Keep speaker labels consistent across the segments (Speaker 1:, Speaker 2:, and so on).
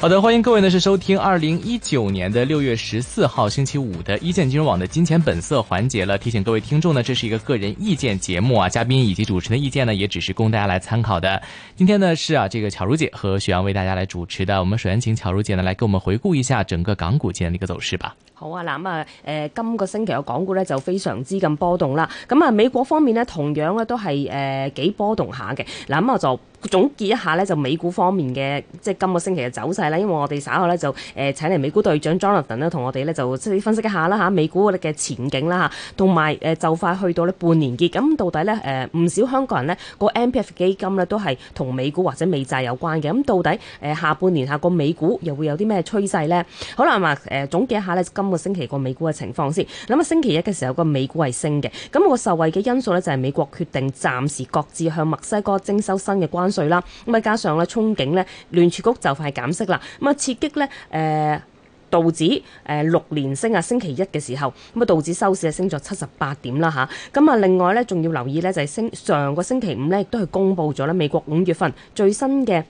Speaker 1: 好的，歡迎各位呢，是收聽二零一九年的六月十四號星期五的一線金融網的金錢本色環節了。提醒各位聽眾呢，這是一個個人意見節目啊，嘉賓以及主持人的意見呢，也只是供大家來參考的。今天呢是啊，這個巧如姐和雪陽為大家來主持的。我們首先請巧如姐呢來給我們回顧一下整個港股今天的一個走勢吧。
Speaker 2: 好啊，嗱，咁、呃、啊，今、這個星期嘅港股呢，就非常之咁波動啦。咁啊，美國方面呢，同樣呢都係呃幾波動下嘅。嗱，咁我就。總結一下咧，就美股方面嘅，即係今個星期嘅走勢啦，因為我哋稍後咧就誒、呃、請嚟美股隊長 Jonathan 同我哋咧就分析分析一下啦美股嘅前景啦同埋就快去到呢半年結咁，到底咧誒唔少香港人咧個 m p f 基金咧都係同美股或者美債有關嘅。咁到底、呃、下半年下個美股又會有啲咩趨勢咧？好啦、咁、呃、啊，總結一下咧今個星期個美股嘅情況先。咁啊，星期一嘅時候個美股係升嘅，咁、那個受惠嘅因素咧就係、是、美國決定暫時各自向墨西哥徵收新嘅關。稅啦，咁啊加上咧憧憬咧，聯儲局就快係減息啦，咁啊刺激咧，誒道指誒六連升啊，星期一嘅時候，咁啊道指收市啊升咗七十八點啦吓，咁啊另外咧仲要留意咧就係、是、星上個星期五咧亦都係公布咗咧美國五月份最新嘅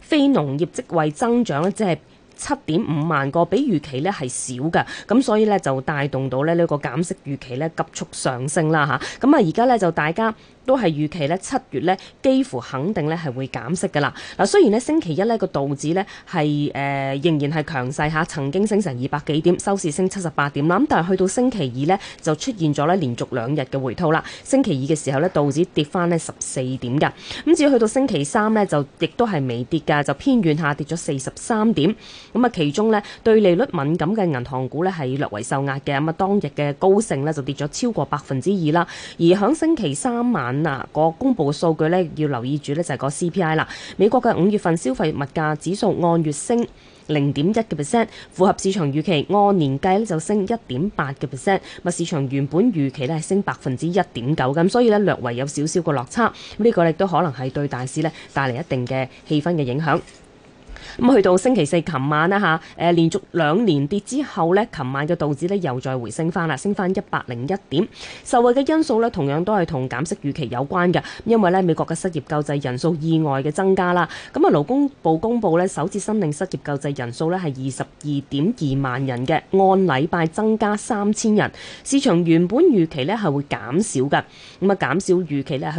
Speaker 2: 非農業職位增長咧只係七點五萬個，比預期咧係少嘅，咁所以咧就帶動到咧呢個減息預期咧急速上升啦吓，咁啊而家咧就大家。都係預期咧，七月咧幾乎肯定咧係會減息㗎啦。嗱，雖然咧星期一呢個道指呢係、呃、仍然係強勢下曾經升成二百幾點，收市升七十八點啦。咁但係去到星期二呢，就出現咗咧連續兩日嘅回吐啦。星期二嘅時候呢，道指跌返呢十四點嘅。咁至於去到星期三呢，就亦都係微跌㗎，就偏軟下跌咗四十三點。咁啊，其中呢，對利率敏感嘅銀行股呢，係略為受壓嘅。咁啊，當日嘅高盛呢，就跌咗超過百分之二啦。而響星期三晚。嗱、那，個公布嘅數據咧，要留意住咧就係個 CPI 啦。美國嘅五月份消費物價指數按月升零點一個 percent，符合市場預期。按年計咧就升一點八個 percent，咁市場原本預期咧係升百分之一點九，咁所以咧略為有少少個落差。咁、這、呢個亦都可能係對大市咧帶嚟一定嘅氣氛嘅影響。咁去到星期四，琴晚啦，連續兩年跌之後，琴晚嘅道指又再回升翻啦，升翻一百零一點。受惠嘅因素同樣都係同減息預期有關嘅，因為美國嘅失業救濟人數意外嘅增加啦。咁啊勞工部公佈首次申領失業救濟人數咧係二十二點二萬人嘅，按禮拜增加三千人。市場原本預期咧係會減少嘅，咁啊減少預期去到二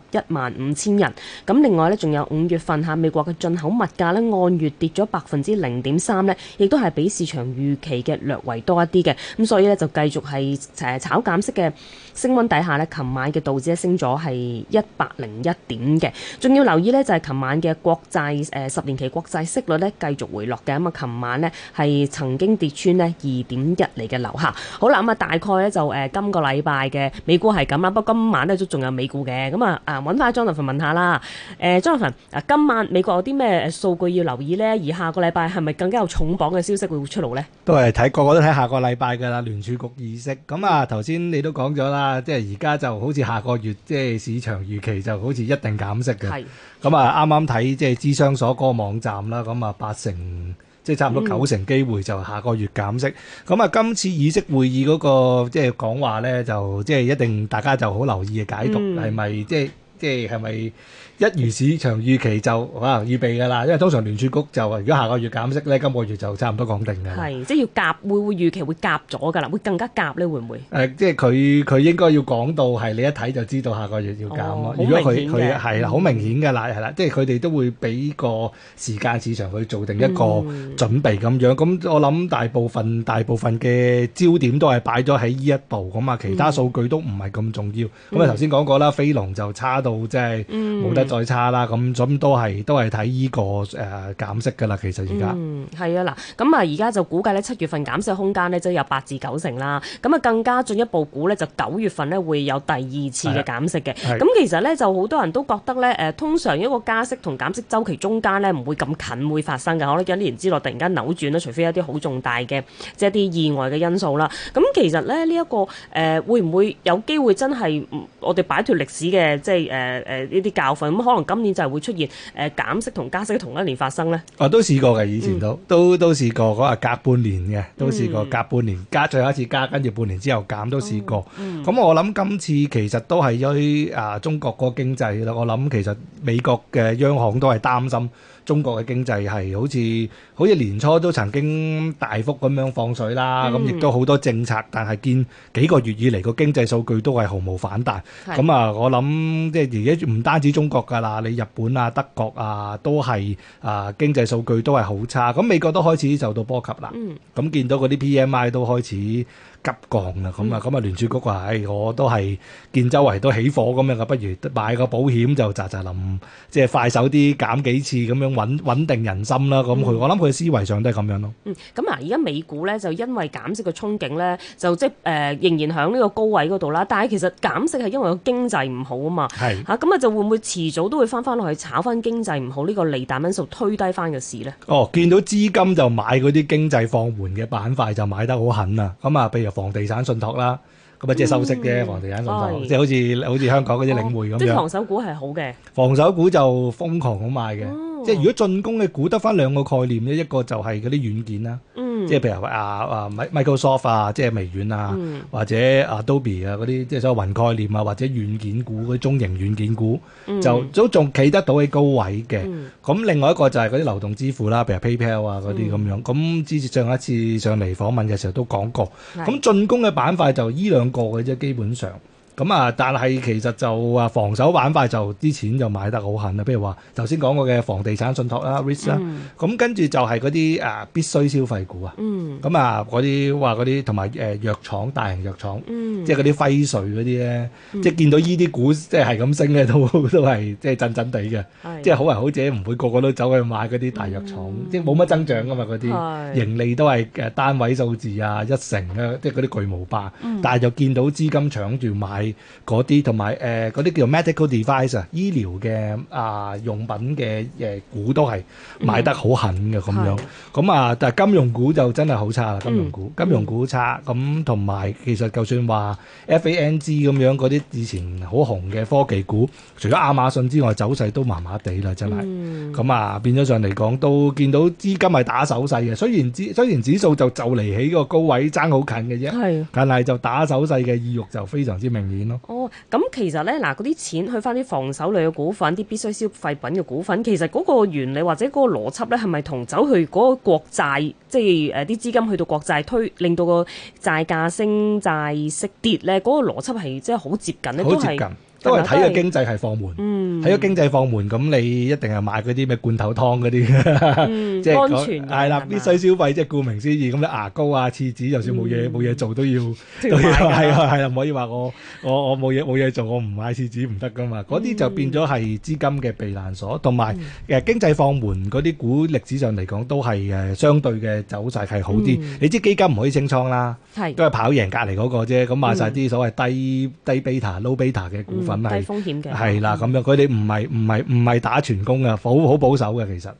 Speaker 2: 十一萬五千人。咁另外咧仲有五月份美國嘅進口物價按月跌咗百分之零點三呢，亦都係比市場預期嘅略為多一啲嘅，咁所以呢，就繼續係誒炒減息嘅升溫底下呢，琴晚嘅道指升咗係一百零一點嘅，仲要留意呢，就係、是、琴晚嘅國債誒十年期國債息率呢，繼續回落嘅，咁啊琴晚呢係曾經跌穿呢二點一釐嘅樓下，好啦，咁、嗯、啊大概呢，就誒今、呃這個禮拜嘅美股係咁啦，不過今晚呢，都仲有美股嘅，咁、嗯、啊啊揾翻張立凡問下啦，誒張立凡啊，今晚美國有啲咩數據要？留意咧，而下個禮拜係咪更加有重磅嘅消息會出爐咧？
Speaker 3: 都係睇個個都睇下個禮拜嘅啦，聯儲局議息。咁啊，頭先你都講咗啦，即係而家就好似下個月，即係市場預期就好似一定減息嘅。係。咁啊，啱啱睇即係芝商所嗰個網站啦，咁啊八成，即係差唔多九成機會就下個月減息。咁、嗯、啊，今次議息會議嗰、那個即係講話咧，就即係一定大家就好留意嘅解讀，係、嗯、咪即係即係係咪？是一如市場預期就可能預備㗎啦，因為通常聯儲局就話如果下個月減息咧，今個月就差唔多講定㗎。係
Speaker 2: 即係要夾，會會預期會夾咗㗎啦，會更加夾咧，會唔會？
Speaker 3: 誒，即係佢佢應該要講到係你一睇就知道下個月要減咯。好明顯嘅係啦，好明顯㗎啦，係啦，即係佢哋都會俾個時間市場去做定一個準備咁樣。咁我諗大部分大部分嘅焦點都係擺咗喺呢一步㗎嘛，其他數據都唔係咁重要。咁啊頭先講過啦，飛龍就差到即係冇得。再差啦，咁咁都係都係睇呢個誒、呃、減息噶啦，其實而家嗯
Speaker 2: 係啊嗱，咁啊而家就估計咧七月份減息空間咧就有八至九成啦，咁啊更加進一步估咧就九月份咧會有第二次嘅減息嘅，咁其實咧就好多人都覺得咧、呃、通常一個加息同減息週期中間咧唔會咁近會發生嘅。我覺得一年之內突然間扭轉咧，除非一啲好重大嘅即係一啲意外嘅因素啦。咁其實咧呢一個誒、呃、會唔會有機會真係我哋擺脱歷史嘅即係誒呢啲教訓？咁可能今年就係會出現誒呃、減息同加息同一年發生咧？
Speaker 3: 哦、啊，都試過嘅，以前都、嗯、都都試過，嗰日隔半年嘅都試過，隔半年加、嗯、最後一次加，跟住半年之後減都試過。咁、嗯、我諗今次其實都係喺啊中國個經濟啦，我諗其實美國嘅央行都係擔心。中國嘅經濟係好似好似年初都曾經大幅咁樣放水啦，咁亦都好多政策，但係見幾個月以嚟個經濟數據都係毫無反彈。咁啊、嗯，我諗即係而家唔單止中國㗎啦，你日本啊、德國啊都係啊經濟數據都係好差。咁美國都開始受到波及啦。咁、嗯、見到嗰啲 PMI 都開始。急降啊！咁啊，咁、嗯、啊，聯儲局話、哎：，我都係見周圍都起火咁樣嘅，不如買個保險就喳喳林，即係快手啲減幾次咁樣穩穩定人心啦。咁佢、嗯、我諗佢嘅思維上都係咁樣咯。嗯，
Speaker 2: 咁啊，而家美股咧就因為減息嘅憧憬咧，就即係、呃、仍然喺呢個高位嗰度啦。但係其實減息係因為個經濟唔好啊嘛。係吓咁啊，就會唔會遲早都會翻翻落去炒翻經濟唔好呢個利淡因素推低翻嘅市咧？
Speaker 3: 哦、嗯，見到資金就買嗰啲經濟放緩嘅板塊就買得好狠啊！咁啊，譬如。房地產信託啦，咁啊即係收息啫，嗯、房地產信託是即係好似好似香港嗰啲領匯咁、哦。即係防
Speaker 2: 守股係好嘅，
Speaker 3: 防守股就瘋狂好賣嘅。嗯、即係如果進攻嘅股得翻兩個概念咧，一個就係嗰啲軟件啦。嗯即係譬如話啊啊，Microsoft 啊，即係微軟啊、嗯，或者 Adobe 啊嗰啲，即係所有雲概念啊，或者軟件股嗰啲中型軟件股，嗯、就都仲企得到喺高位嘅。咁、嗯、另外一個就係嗰啲流動支付啦，譬如、嗯、PayPal 啊嗰啲咁樣。咁之前上一次上嚟訪問嘅時候都講過。咁、嗯、進攻嘅板塊就依兩個嘅啫，基本上。咁、嗯、啊，但係其實就防守板塊就啲錢就買得好狠啊！譬如話頭先講過嘅房地產信託啦、REIT 啦，咁跟住就係嗰啲啊必須消費股啊，咁啊嗰啲話嗰啲同埋誒藥廠大型藥廠，即係嗰啲輝瑞嗰啲咧，即係、嗯、見到依啲股、嗯、即係咁升嘅，都都係即係震震地嘅，即係、就是、好人好者唔會個個都走去買嗰啲大藥廠，嗯、即係冇乜增長噶嘛嗰啲，盈利都係單位數字啊一成啊，即係嗰啲巨無霸，嗯、但係就見到資金搶住買。嗰啲同埋嗰啲叫 medical device 啊，醫療嘅啊、呃、用品嘅、呃、股都係買得好狠嘅咁、嗯、樣，咁啊但係金融股就真係好差啦，金融股，嗯、金融股差，咁同埋其實就算話 FANG 咁樣嗰啲以前好紅嘅科技股，除咗亞馬遜之外，走勢都麻麻地啦，真係，咁、嗯、啊變咗上嚟講都見到資金係打手勢嘅，雖然指雖然指數就就嚟起個高位爭好近嘅啫，但係就打手勢嘅意欲就非常之明顯。嗯
Speaker 2: 哦，咁其實咧，嗱，嗰啲錢去翻啲防守類嘅股份，啲必須消費品嘅股份，其實嗰個原理或者嗰個邏輯咧，係咪同走去嗰個國債，即係誒啲資金去到國債推，令到個債價升、債息跌咧，嗰、嗰個邏輯係即係好接近咧，近都係。都係睇個經
Speaker 3: 濟係放緩，睇、嗯、咗經濟放緩，咁你一定係買嗰啲咩罐頭湯嗰啲，即係係啦，啲 必須消費，即係顧名思義。咁你牙膏啊、廁紙，就算冇嘢冇嘢做都要都要，係啊係啊，唔可以話我我我冇嘢冇嘢做，我唔買廁紙唔得噶嘛。嗰啲就變咗係資金嘅避難所，同埋誒經濟放緩嗰啲股歷史上嚟講都係誒相對嘅走勢係好啲、嗯。你知基金唔可以清倉啦，係都係跑贏隔離嗰個啫。咁買晒啲所謂低低 beta low beta 嘅股份。嗯。低風險嘅，係啦，咁樣佢哋唔係唔係唔係打全工嘅，好好保守嘅其實。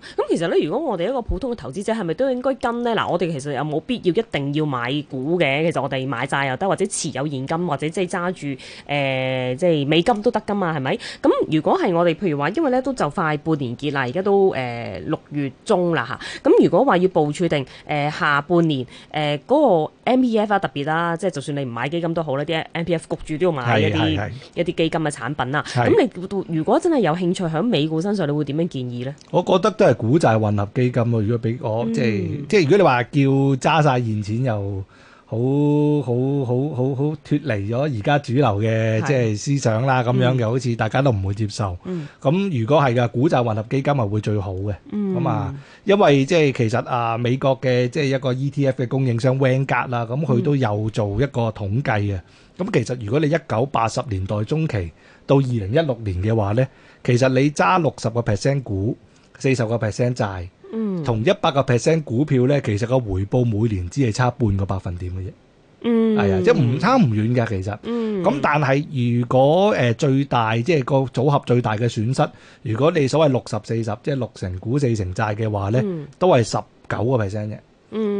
Speaker 2: 咁、嗯、其實咧，如果我哋一個普通嘅投資者，係咪都應該跟呢？嗱、啊，我哋其實有冇必要一定要買股嘅。其實我哋買債又得，或者持有現金，或者即係揸住誒，即係美金都得噶嘛，係咪？咁如果係我哋譬如話，因為咧都就快半年結啦，而家都誒六、呃、月中啦嚇。咁如果話要部署定誒、呃、下半年誒嗰、呃那個 M P F 啦、啊，特別啦、啊，即、就、係、是、就算你唔買基金都好咧，啲 M P F 焗住都要買一啲一啲基金嘅產品啦、啊。咁你如果真係有興趣喺美股身上，你會點樣建議呢？我覺
Speaker 3: 得都係股債混合基金咯。如果俾我即係即係，如果你話叫揸晒現錢，又好好好好好好脫離咗而家主流嘅即係思想啦，咁樣嘅好似大家都唔會接受。咁如果係噶股債混合基金，係會最好嘅咁啊？因為即係其實啊，美國嘅即係一個 E T F 嘅供應商 Vanguard 啦，咁佢都有做一個統計嘅。咁其實如果你一九八十年代中期到二零一六年嘅話咧，其實你揸六十個 percent 股。四十個 percent 債，同一百個 percent 股票咧，其實個回報每年只係差半個百分點嘅
Speaker 1: 啫，係、嗯、啊，即係唔
Speaker 3: 差唔遠嘅其實。咁、嗯、但係如果誒最大即係、就是、個組合最大嘅損失，如果你所謂六十四十，即係六成股四成債嘅話咧，都係十九個 percent 嘅。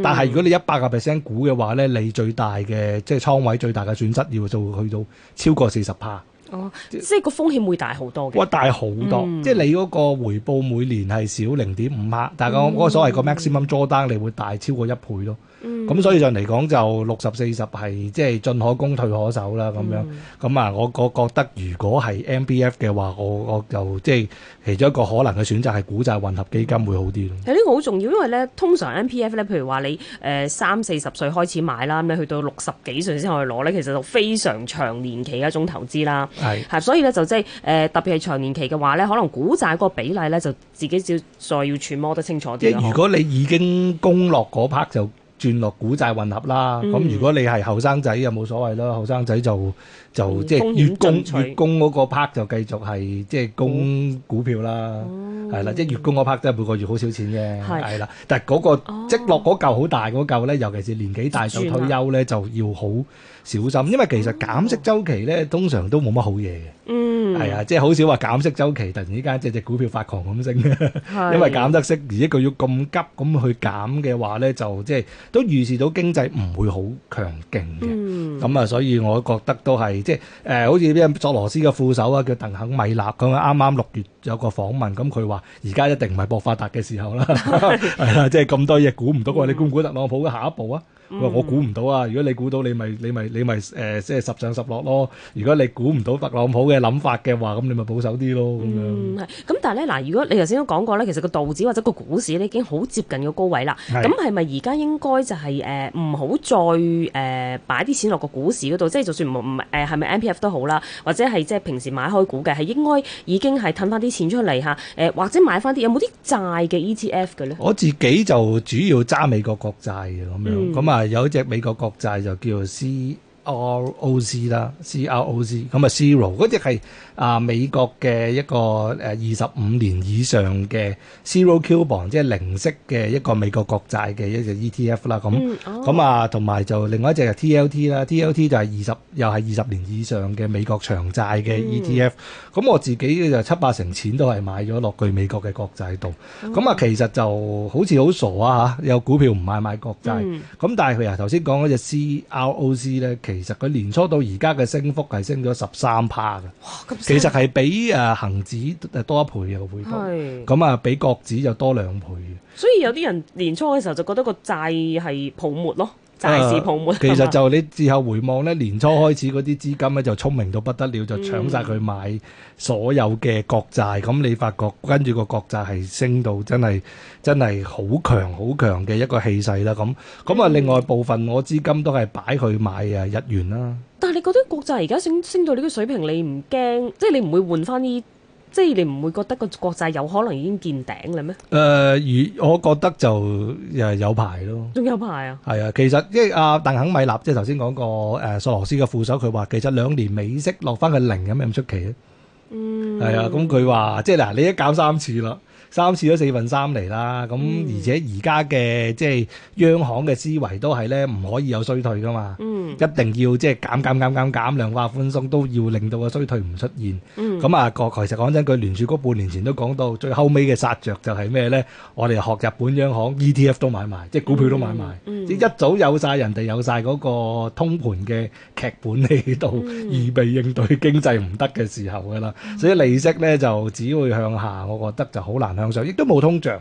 Speaker 2: 但係如
Speaker 3: 果你一百個 percent 股嘅話咧，你最大嘅即係倉位最大嘅損失，要做去到超過四十 percent。
Speaker 2: 哦，即係個風險會大好多嘅，哇！大
Speaker 3: 好多，嗯、即係你嗰個回報每年係少零點五 percent，但係我我所謂個 maximum drawdown，你會大超過一倍咯。咁、嗯、所以上嚟講就六十四十係即係進可攻退可守啦咁樣咁。啊我我覺得如果係 M P F 嘅話我我就即係、就是、其中一個可能嘅選擇係股債混合基金會好啲咯。
Speaker 2: 係呢個好重要，因為咧通常 M P F 咧，譬如話你誒三四十歲開始買啦，咁去到六十幾歲先可以攞咧，其實就非常長年期嘅一種投資啦。係，係，所以咧就即係誒、呃、特別係長年期嘅話咧，可能股債個比例咧就自己要再要揣摩得清楚啲。如果
Speaker 3: 你已經攻落嗰 part 就.轉落股債混合啦，咁、嗯、如果你係後生仔又冇所謂啦，後生仔就就、嗯、即係月供月供嗰個 part 就繼續係即係供股票啦，係、嗯、啦，哦、即係月供嗰 part 都係每個月好少錢嘅，係啦，但係嗰個積落嗰嚿好大嗰嚿咧，尤其是年紀大就退休咧，就要好。小心，因為其實減息週期咧，通常都冇乜好嘢嘅。嗯，係啊，即係好少話減息週期突然之間即係隻股票發狂咁升。係，因為減得息而且佢要咁急咁去減嘅話咧，就即係都預示到經濟唔會好強勁嘅。嗯，咁啊，所以我覺得都係即係誒，好似呢個索羅斯嘅副手啊，叫鄧肯米納咁啊，啱啱六月有個訪問，咁佢話而家一定唔係博發達嘅時候啦。係啦，即係咁多嘢估唔到嘅，你估唔估特朗普嘅下一步啊？嗯、我估唔到啊！如果你估到你，你咪你咪你咪誒，即係十上十落咯。如果你估唔到特朗普嘅諗法嘅話，咁你咪保守啲咯咁
Speaker 2: 樣咁、嗯嗯，但係咧嗱，如果你頭先都講過咧，其實個道指或者個股市咧已經好接近個高位啦。咁係咪而家應該就係唔好再誒擺啲錢落個股市嗰度？即、就、係、是、就算唔係咪 M P F 都好啦，或者係即係平時買開股嘅，係應該已經係褪翻啲錢出嚟下、呃，或者買翻啲有冇啲債嘅 E T F 嘅咧？我自
Speaker 3: 己就主要揸美國國債嘅咁樣咁啊。有一隻美國國債就叫做 C。ROC 啦，CROC 咁啊，Zero 嗰隻係啊美國嘅一個誒二十五年以上嘅 Zero Coupon，即係零息嘅一個美國國債嘅一隻 ETF 啦。咁咁啊，同埋就另外一隻係 TLT 啦，TLT 就係二十又係二十年以上嘅美國長債嘅 ETF。咁我自己咧就七八成錢都係買咗落去美國嘅國債度。咁啊，其實就好似好傻啊嚇，有股票唔買買國債。咁但係佢啊頭先講嗰隻 CROC 咧，其其實佢年初到而家嘅升幅係升咗十三趴 e 嘅，其實係比誒、啊、恆指誒多一倍嘅回報，咁是啊比國指就多兩倍。
Speaker 2: 所以有啲人年初嘅時候就覺得個債係泡沫咯。嗯債市泡沫，呃，其實就
Speaker 3: 你之後回望咧，年初開始嗰啲資金咧就聰明到不得了，就搶晒佢買所有嘅國債，咁、嗯、你發覺跟住個國債係升到真係真係好強好強嘅一個氣勢啦，咁咁啊另外部分我資金都係擺去買啊日元啦、嗯。
Speaker 2: 但係你覺得國債而家升升到呢個水平你不怕，就是、你唔驚，即係你唔會換翻呢？即係你唔會覺得個國債有可能已經見頂嘞咩？
Speaker 3: 誒，如我覺得就誒有排咯，
Speaker 2: 仲有排啊？
Speaker 3: 係啊，其實即係阿鄧肯米納即係頭先講過誒索羅斯嘅副手，佢話其實兩年美息落翻去零有咩咁出奇咧？嗯，係啊，咁佢話即係嗱，你一減三次啦。三次都四分三嚟啦，咁而且而家嘅即係央行嘅思維都係咧，唔可以有衰退噶嘛，一定要即係減減減減減量化寬鬆，都要令到個衰退唔出現。咁啊，個其實講真句，聯儲局半年前都講到最後尾嘅殺着就係咩咧？我哋學日本央行 ETF 都買埋，即係股票都買埋，即係一早有曬人哋有曬嗰個通盤嘅劇本喺度，預備應對經濟唔得嘅時候噶啦。所以利息咧就只會向下，我覺得就好難向。亦都冇通脹，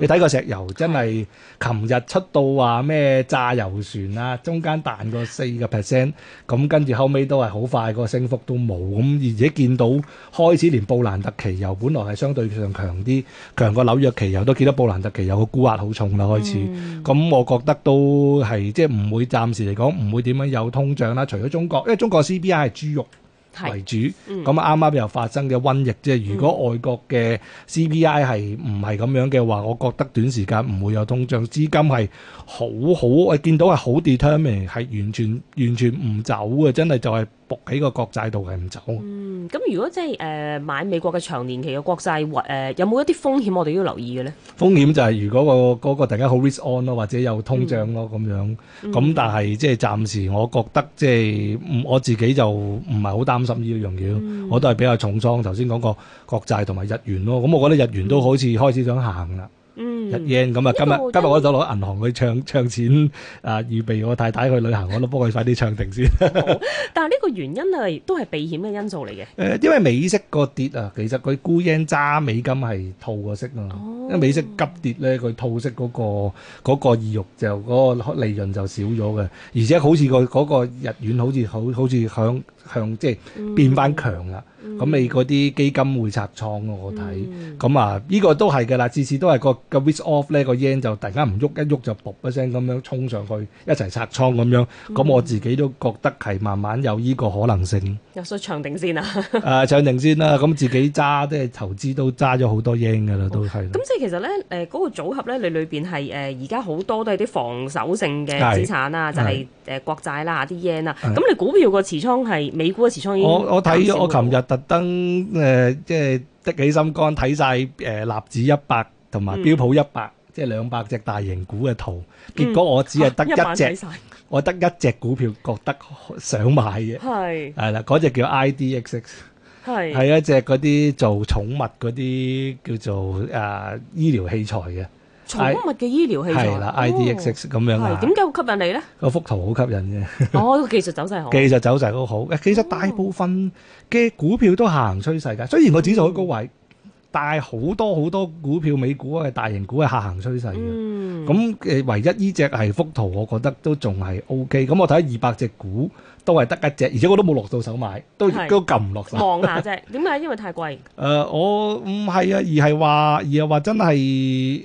Speaker 3: 你睇個石油真係，琴日出到話咩炸油船啊，中間彈過四個 percent，咁跟住後尾都係好快個升幅都冇，咁而且見到開始連布蘭特期油本來係相對上強啲，強過紐約期油,都見到布蘭特期油個沽壓好重啦，開始，咁、嗯、我覺得都係即係唔會暫時嚟講唔會點樣有通脹啦，除咗中國，因為中國 CBI 係豬肉。嗯、為主，咁啱啱又發生嘅瘟疫，即係如果外國嘅 CPI 係唔係咁樣嘅話，我覺得短時間唔會有通脹，資金係好好，我見到係好 determine，係完全完全唔走嘅，真係就係、是。搏喺個國債度係唔走。嗯，
Speaker 2: 咁如果即係誒買美國嘅長年期嘅國債，呃、有冇一啲風險我哋都要留意嘅咧？
Speaker 3: 風險就係如果、嗰個嗰、嗰個突然間好 risk on 咯，或者有通脹咯咁、嗯、樣。咁但係即係暫時，我覺得即、就、係、係、我自己就唔係好擔心呢一樣嘢。我都係比較重倉頭先講過國債同埋日元咯。咁我覺得日元都好似開始想行啦。嗯嗯、日圓，咁啊！今日，這個，今日我就攞銀行去唱唱錢啊！預備我太太去旅行，我都幫佢快啲唱定先。嗯、
Speaker 2: 但呢個原因係都係避險嘅因素嚟嘅。誒、呃，
Speaker 3: 因為美息個跌啊，其實佢沽圓渣揸美金係套個息啊，因為美息急跌咧，佢套息嗰個嗰，那個、意欲就嗰，那個利潤就少咗嘅。而且好似個嗰日元好似好好似向向即係變返強啦。咁、嗯、你嗰啲基金會拆倉喎，我睇。咁、嗯、啊、呢、這個都係嘅啦，次次都係個息 off 咧，個 yen 就突然間唔喐一喐就噗一聲咁樣衝上去，一齊拆倉咁樣，咁我自己都覺得係慢慢有依個可能性。
Speaker 2: 啊，所以唱定先啊！
Speaker 3: 啊，唱定先啦，咁自己揸即係投資都揸咗好多 yen 噶啦，都係。
Speaker 2: 咁即係其實咧，誒嗰個組合咧，你裏邊係誒而家好多都係啲防守性嘅資產啊，就係誒國債啦、啲 yen 啊。咁你股票個持倉係美股嘅持倉已經，我我睇，我琴
Speaker 3: 日特登誒，即係的起心肝睇晒誒納指一百。同埋標普一百，即係兩百隻大型股嘅圖，結果我只係得一隻，我得一隻股票覺得想買嘅，係啦，嗰隻叫 IDXX，係係一隻嗰啲做寵物嗰啲叫做誒醫療器材嘅，寵
Speaker 2: 物嘅醫療器材係啦，IDXX 咁樣啦，點解會吸引你咧？
Speaker 3: 個幅圖好吸引
Speaker 2: 嘅，哦，技術走勢好，技
Speaker 3: 術走勢都好，其實大部分嘅股票都行趨勢嘅，雖然個指數喺高位。但係好多好多股票，美股啊，大型股嘅下行趨勢嘅。嗯。咁誒，唯一呢隻係幅圖，我覺得都仲係 OK。咁我睇二百隻股。都係得一隻，而且我都冇落到手買，都都撳唔落手，望下啫，
Speaker 2: 點解？因為太貴。
Speaker 3: 誒、呃，我唔係、嗯、啊，而係話而係話真係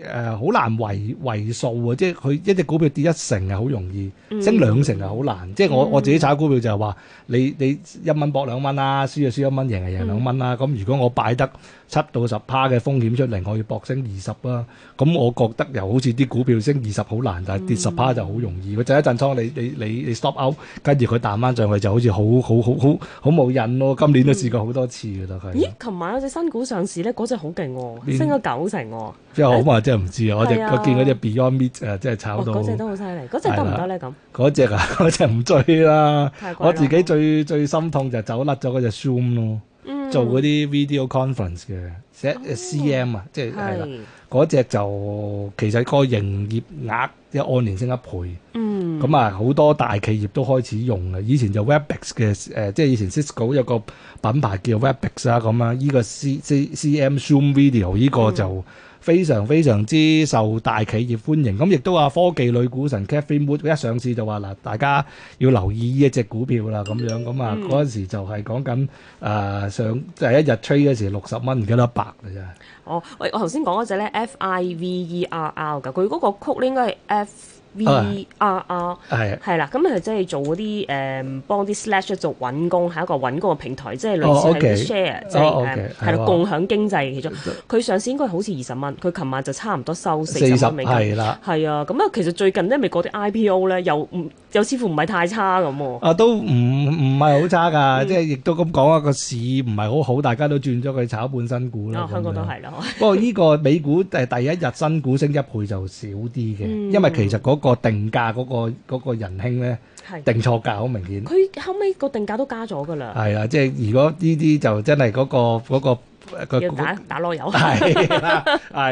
Speaker 3: 誒好難圍圍數啊！即係佢一隻股票跌一成啊，好容易；升兩成啊，好難。嗯、即係我我自己炒股票就係話，你你一蚊搏兩蚊啦，輸就輸一蚊，贏係贏兩蚊啦。咁、嗯、如果我擺得七到十趴嘅風險出嚟，我要搏升二十啊！咁我覺得又好似啲股票升二十好難，但係跌十趴就好容易。佢、嗯、就一陣倉，你你你你 stop out，跟住佢彈翻。上去就好似好好好好好冇癮咯，今年都試過好多次嘅，但係。咦？
Speaker 2: 琴晚嗰隻新股上市咧，嗰隻好勁喎，升咗九成、哦。即係好嘛？即係
Speaker 3: 唔知啊、欸！我只我見嗰隻 Beyond Meat 誒、啊，即係炒到。嗰隻都好犀利，嗰隻得唔得咧？咁嗰隻啊，嗰隻唔追啦。我自己最最心痛就走甩咗嗰隻 Zoom 咯、嗯，做嗰啲 video conference 嘅，寫 CM 啊、哦，即係係啦。嗰隻就其實個營業額。一按年升一倍、嗯啊，咁啊好多大企業都開始用啊！以前就 Webex 嘅、呃、即係以前 Cisco 有個品牌叫 Webex 啊咁啊，依、啊、個 C C C M Zoom Video 依個就，嗯非常非常之受大企業歡迎，咁亦都話科技女股神 Cathie Wood 一上市就話嗱，大家要留意呢一隻股票啦，咁樣咁啊，嗰陣時就係講緊誒、嗯呃、上第、就是、一日 trade 嗰時六十蚊幾多百
Speaker 1: 㗎啫。
Speaker 2: 哦，喂，我頭先講嗰隻咧 Fiverr 㗎，佢嗰個 code 應該係 F，VRR 係，係啦，咁佢即係做嗰啲誒，幫啲 slasher 做揾工，係一個揾工嘅平台，即係類似係啲 share，即、oh, 係、okay, uh, okay, um, yeah, okay, yeah, 共享經濟。其中佢、yeah, uh, 上市應該好似二十蚊，佢琴晚就差唔多收四十蚊美金。係啦，係、yeah, 啊，咁、嗯、啊，其實最近咧，咪嗰啲 IPO 咧又唔。就似乎唔係太差咁喎，
Speaker 3: 啊都唔唔係好差㗎、嗯，即係亦都咁講啊，個市唔係好好，大家都轉咗去炒半新股啦。香港都
Speaker 2: 係咯。不
Speaker 3: 過呢個美股誒第一日新股升一倍就少啲嘅、嗯，因為其實嗰個定價嗰、嗰個嗰個人興咧定錯價好明顯。佢
Speaker 2: 後尾個定價都加咗㗎啦。係
Speaker 3: 啊，即係如果呢啲就真係嗰個嗰個。嗰個佢打打攞油係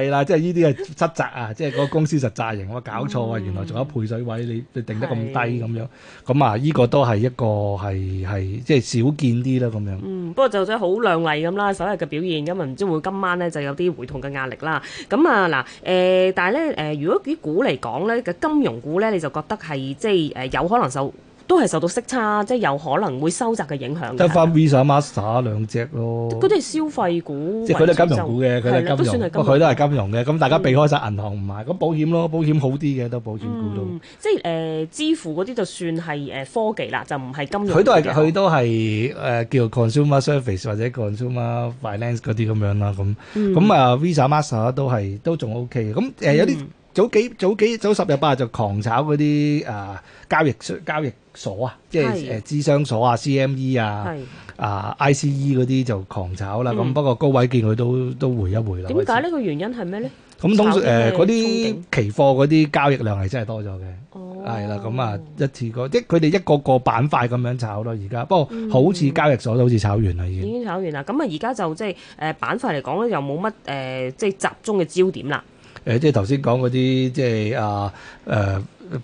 Speaker 3: 啦，即係呢啲係失責啊！ 即係嗰個公司實責型，我搞錯啊！原來仲有配水位，你你定得咁低咁樣，咁啊呢、呢個都係一個係係即係少見啲啦咁樣。
Speaker 2: 嗯，不過就咁好靚麗咁啦，首日嘅表現咁啊，唔知會今晚咧就有啲回吐嘅壓力啦。咁啊嗱，誒、呃、但係咧誒，如果啲股嚟講咧嘅金融股咧，你就覺得係即係誒有可能受？都係受到息差，即係有可能會收窄嘅影響。得返
Speaker 3: Visa、Master 兩隻咯。嗰啲係
Speaker 2: 消費股，即係佢都係金融股嘅，佢哋金融，不過佢都係
Speaker 3: 金融嘅。咁大家避開晒銀行唔買，咁保險咯，保險好啲嘅，都保險股都。
Speaker 2: 即係誒支付嗰啲，就算係誒科技啦，就唔係金融。佢都係佢
Speaker 3: 都係誒叫 Consumer Service 或者 Consumer Finance 嗰啲咁樣啦，咁咁啊 Visa、Master 都係都仲 OK 嘅。咁誒有啲。早幾早幾早十日八日，就狂炒嗰啲啊交易交易所啊，即係誒資商所啊、CME 啊、啊 ICE 嗰啲就狂炒啦。咁、嗯、不過高位見佢都都回一回啦。點、
Speaker 2: 嗯、解呢、呢個原因係咩咧？咁通常嗰啲、啊、
Speaker 3: 期貨嗰啲交易量係真係多咗嘅，係、哦、啦。咁啊一次過即係佢哋一個一個板塊咁樣炒咯。而家不過好似交易所都好似炒完啦，已經、
Speaker 2: 嗯、已經炒完啦。咁啊而家就即係誒板塊嚟講咧，又冇乜誒即係集中嘅焦點啦。
Speaker 3: 誒即係頭先講嗰啲即係啊,啊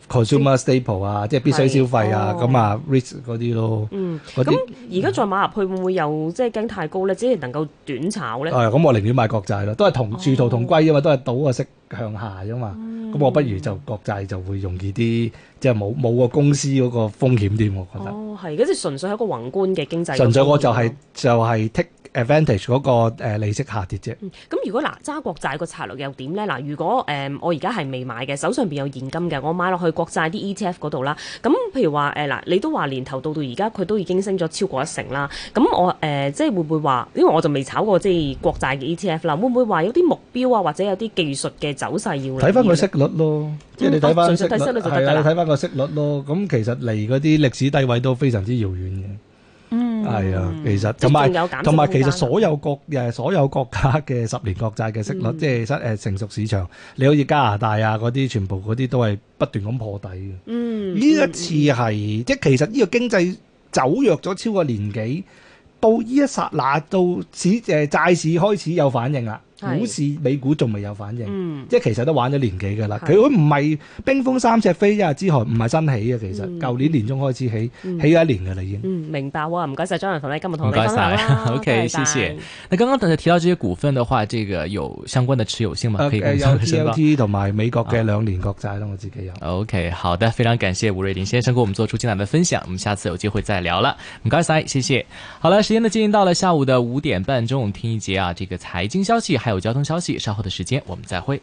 Speaker 3: consumer staple 啊，即係必須消費啊，咁啊 risk 嗰啲咯，
Speaker 2: 嗯，咁而家再買入去、嗯、會唔會又即係驚太高咧？只係能夠短炒咧？係，
Speaker 3: 咁我寧願買國債咯，都係同殊途同歸啊嘛，哦、因為都係賭個息向下啫嘛。咁、嗯、我不如就國債就會容易啲，即係冇冇個公司嗰個風險啲，我覺
Speaker 2: 得。哦，係，嗰啲純粹係一個宏觀嘅經濟。純粹我就係、
Speaker 3: 是、就係、是 Advantage 嗰個利息下跌啫。
Speaker 2: 咁、嗯、如果嗱揸國債個策略又點咧？嗱，如果誒、呃、我而家係未買嘅，手上邊有現金嘅，我買落去國債啲 ETF 嗰度啦。咁譬如話誒嗱，你都話年頭到到而家佢都已經升咗超過一成啦。咁我誒、呃、即係會唔會話，因為我就未炒過即係國債嘅 ETF 啦。會唔會話有啲目標啊，或者有啲技術嘅走勢要？睇翻個息
Speaker 3: 率咯，即係你睇翻息率就啊，睇翻個息率咯。咁其實離嗰啲歷史低位都非常之遙遠嘅。
Speaker 1: 係啊，其實同埋同埋，嗯、其實所
Speaker 3: 有國所有國家嘅十年國債嘅息率，嗯、即係成熟市場，你好似加拿大啊嗰啲，全部嗰啲都係不斷咁破底嘅。嗯，呢一次係、嗯、即係其實呢個經濟走弱咗超過年幾，到呢一剎那到市債市開始有反應啦。股市美股仲未有反應，嗯、即係其實都玩咗年幾㗎啦。佢如果唔係冰封三尺非一日之寒，唔係新起嘅其實，舊年年中開始起，嗯、起咗一年㗎啦已經。
Speaker 2: 嗯，明白喎，唔該晒張文鳳咧，今日同你唔該晒 OK 謝謝。
Speaker 1: 那剛剛大家提到這些股份的話，這個有相關的持有性嘛、呃？可以 LTO 同埋美國嘅兩年國債啦，啊、我自己有。OK，好的，非常感謝吳瑞麟先生跟我們做出精彩的分享，我們下次有機會再聊啦。唔該晒，謝謝。好啦時間呢進行到了下午的五點半鐘，聽一節啊，這個財經消息。還有交通消息，稍後的時間我們再會。